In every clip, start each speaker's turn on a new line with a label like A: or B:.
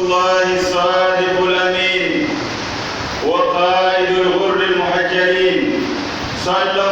A: الله الصادق الأمين وقائد الغر المحجلين صلى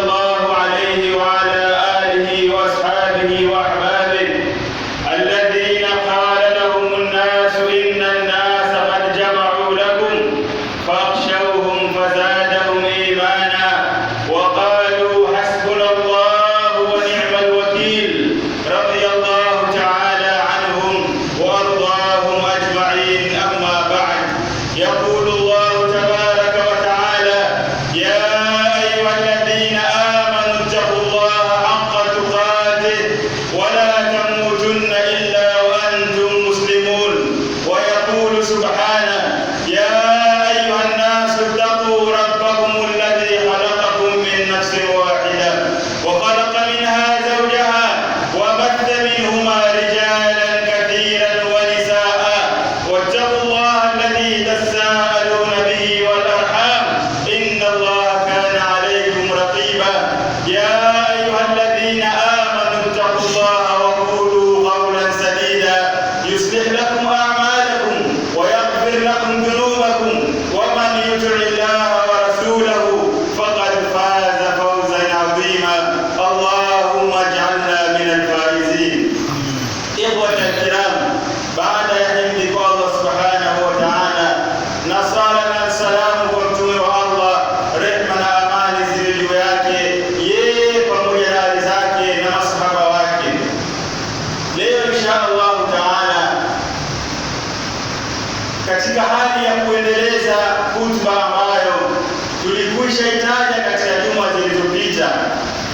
A: uma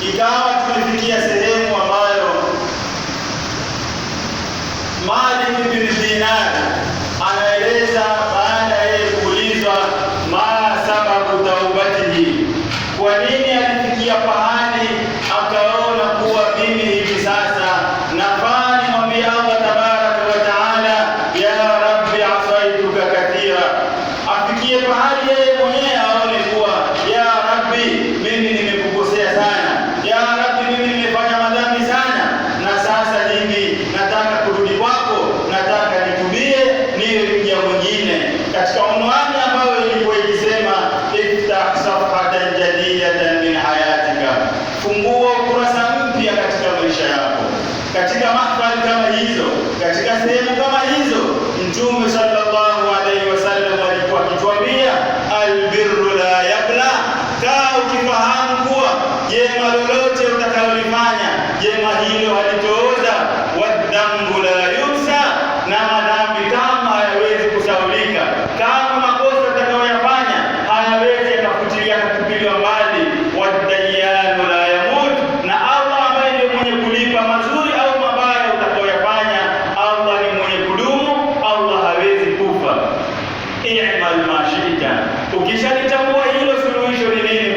A: ikawa tumefikia sehemu ambayo Malik bin Dinar anaeleza baada ya kuulizwa ma sababu taubatihi, kwa nini alifikia pahala ukifahamu kuwa jema lolote utakalolifanya jema hilo halitooza, wadhambu la yusa, na madhambi kama hayawezi kusaulika. Kama makosa utakayoyafanya hayawezi yakafutilia kutupiliwa mbali. Wadayanu la yamut, na Allah ambaye ndiye mwenye kulipa mazuri au mabaya utakayoyafanya. Allah ni mwenye kudumu, Allah hawezi kufa. I'mal mashita, ukishalitambua hilo suluhisho ni nini?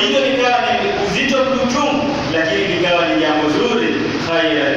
A: hilo likawa ni uzito kiuchungu, lakini likawa ni jambo zuri khaira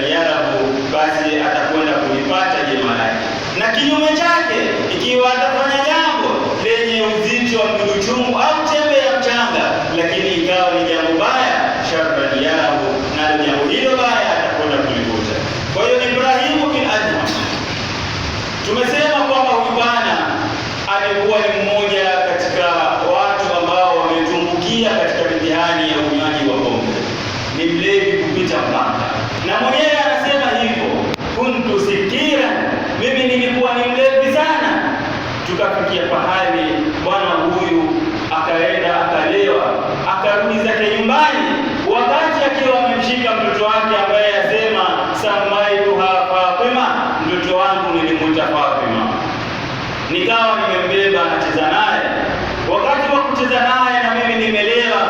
A: nimezungumza naye na mimi nimelewa,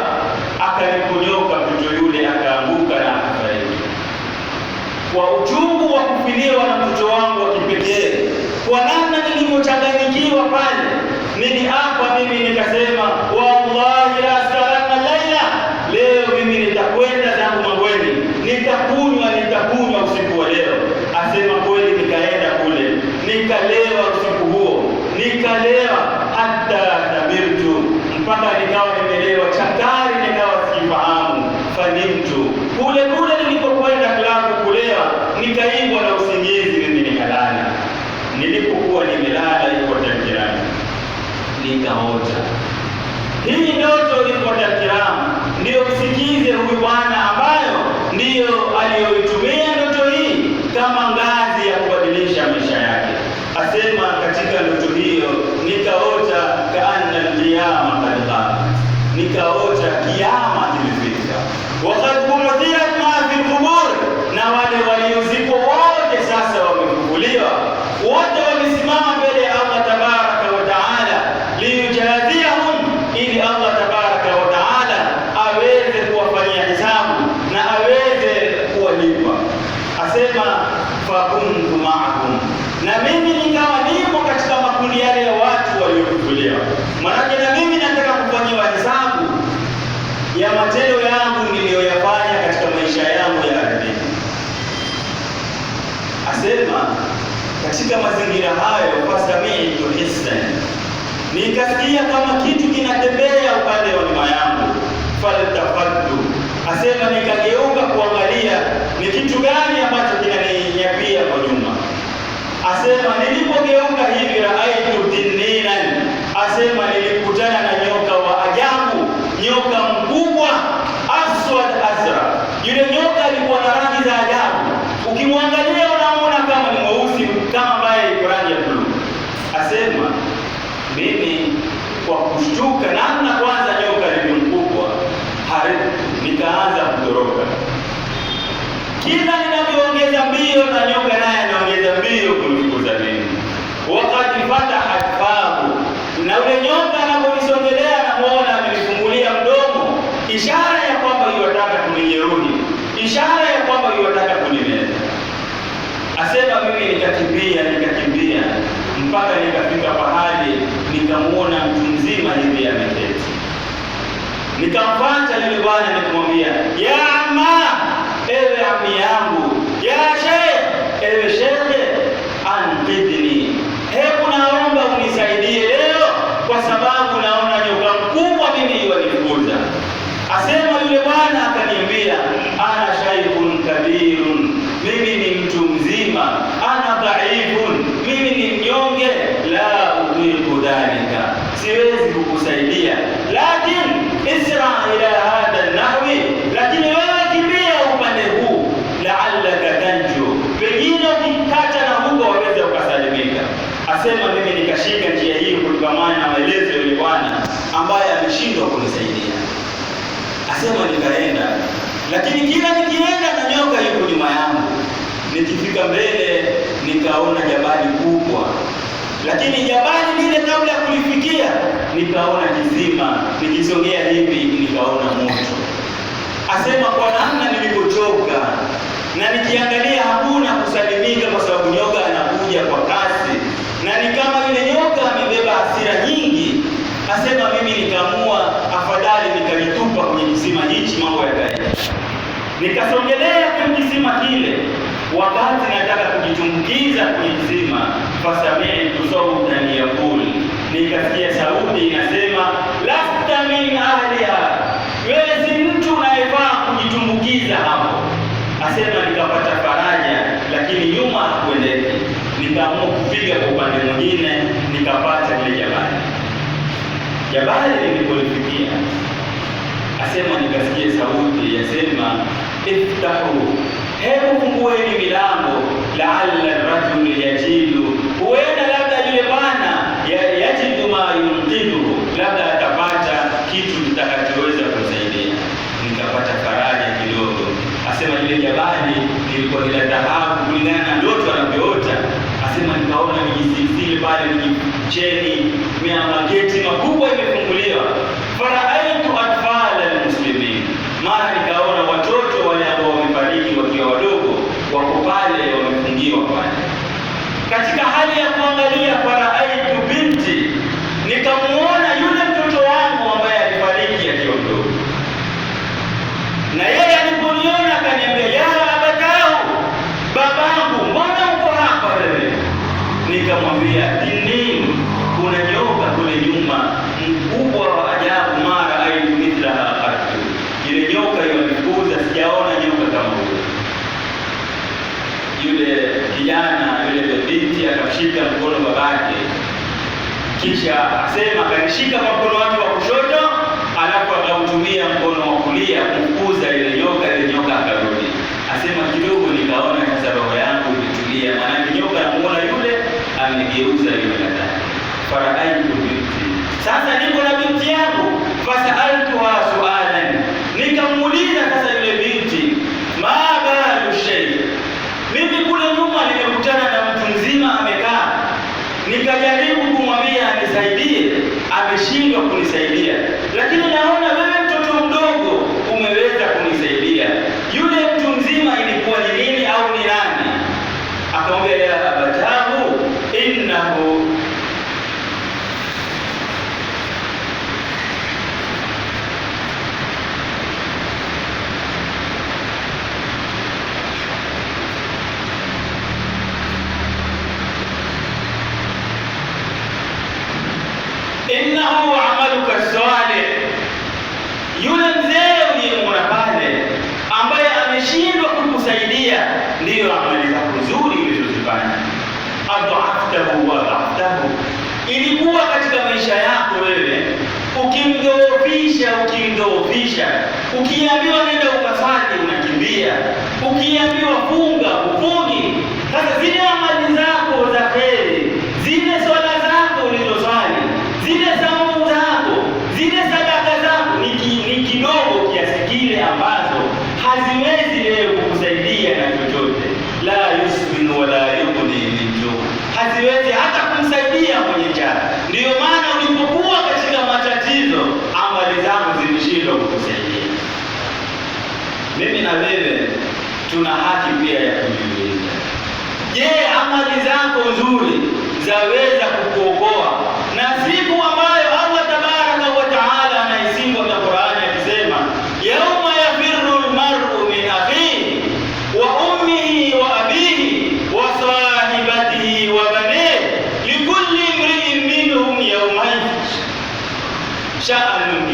A: akalikonyoka mtoto yule akaanguka na akafariki. Kwa uchungu wa kufiliwa na mtoto wangu wa kipekee, kwa namna nilivyochanganyikiwa pale, niliapa mimi nikasema, wallahi la salama laila, leo mimi nitakwenda zangu mabweni, nitakunywa nitakunywa usiku wa leo. Asema kweli, nikaenda kule nikalewa usiku huo, nikalewa hata mpaka nikawa nimelewa chatari, nikawa sifahamu fanimtu. Kule kule nilipokwenda klabu kulewa, nikaingwa na usingizi, mimi nikalala. Nilipokuwa nimelala, iko takirani, nikaota hii ndoto iko takirani, ndio msikize huyu bwana ambayo ndiyo aliyoitumia ndoto hii kama ngazi ya kubadilisha maisha yake. Asema katika ndoto hiyo nikaota kaana al nikaota kiama kilifika, wakad buudhiat ma fi qubur, na wale waliozikwa wote sasa wamefufuliwa wote, wamesimama mbele ya Allah tabaraka wa taala, liyujadhiahum, ili Allah tabaraka wa taala aweze kuwafanyia hisabu na aweze kuwalipa. Asema fakuntu maakum, na mimi nikawa nipo katika makundi yale ya watu waliofufuliwa, manake na mimi nataka ya matendo yangu niliyoyafanya katika maisha yangu ya ardhi. Asema katika mazingira hayo, fasamiitu hisan, nikasikia kama kitu kinatembea upande wa nyuma yangu. Faltafatu, asema nikageuka kuangalia ni kitu gani ambacho kinaninyapia kwa nyuma. Asema nilipogeuka hivi anazoroka. Kila ninavyoongeza mbio na nyoka naye anaongeza mbio kumfukuza mimi. Wakati fatahat hafahamu na ule nyoka anaponisongelea namuona amenifungulia mdomo, ishara ya kwamba yuwataka kunijeruhi, ishara ya kwamba yuwataka kunimeza. Asema mimi nikakimbia, nikakimbia mpaka nikafika pahali nikamuona mtu mzima hivi ametea nikamfata yule bwana nikamwambia, ya ama, ewe ami yangu, ya sheikh, ewe sheikh, anqidhni, hebu naomba unisaidie leo, kwa sababu naona nyoka mkubwa mimi wanifukuza. Asema yule bwana akaniambia, ana shaykhun kabirun, mimi ni mtu mzima, ana dhaifun, mimi ni mnyonge, la udhiku dhalika, siwezi kukusaidia nikaona kizima, nikisongea hivi nikaona moto. Asema kwa namna nilipochoka na nikiangalia hakuna kusalimika, kwa sababu nyoka anakuja kwa kasi na ni kama yule nyoka amebeba hasira nyingi. Asema mimi nikaamua afadhali nikalitupa kwenye kisima hichi, mambo yakaenda. nikasongelea kwenye kisima kile, wakati nataka kujitumbukiza kwenye kisima, fasamehe tusau ndani nikasikia sauti inasema, lasta min ahliha, wewe si mtu unayefaa kujitumbukiza hapo. Asema nikapata faraja, lakini nyuma hakuendeki. Nikaamua kupiga kwa upande mwingine, nikapata ile jabali. Jabali nilipolifikia, asema nikasikia sauti yasema, iftahu, hebu fungueni milango, laala rajulu yajibu katika hali ya kuangalia, faraaitu binti, nikamwona yule mtoto wangu ambaye alifariki akiwa mdogo, na yeye aliponiona akaniambia, ya abatahu, babangu, mbona uko hapa wewe? Nikamwambia, ini kuna nyoka kule nyuma mkubwa wa ajabu, mara aitu mithla haatu, ile nyoka iwakukuza, sijaona nyoka kama huyo. Yule kijana binti akamshika mkono babake, kisha asema akanishika kwa mkono wake wa kushoto, alafu akautumia mkono wa kulia kukuza ile nyoka. Ile nyoka akarudi, asema kidogo nikaona sasa roho yangu imetulia, maanake nyoka namuona yule amegeuza yule. binti, sasa niko na ndiyo amali zako nzuri ulizozifanya, adhaftahu wa ilikuwa katika maisha yako wewe ukimdhoofisha, ukimdhoofisha, ukiambiwa nenda ukafanye unakimbia, ukiambiwa funga ufungi. Sasa zile tuna haki pia ya kujiuliza, je, amali zako nzuri zaweza kukuokoa na siku ambayo Allah tabaraka wa taala anaisimu katika Qur'ani akisema, yauma yafirru almar'u min akhihi wa ummihi wa abihi wa sahibatihi wa banihi likulli imri'in minhum yawma sha'anun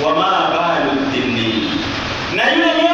A: wa ma balu dhimmi, na yule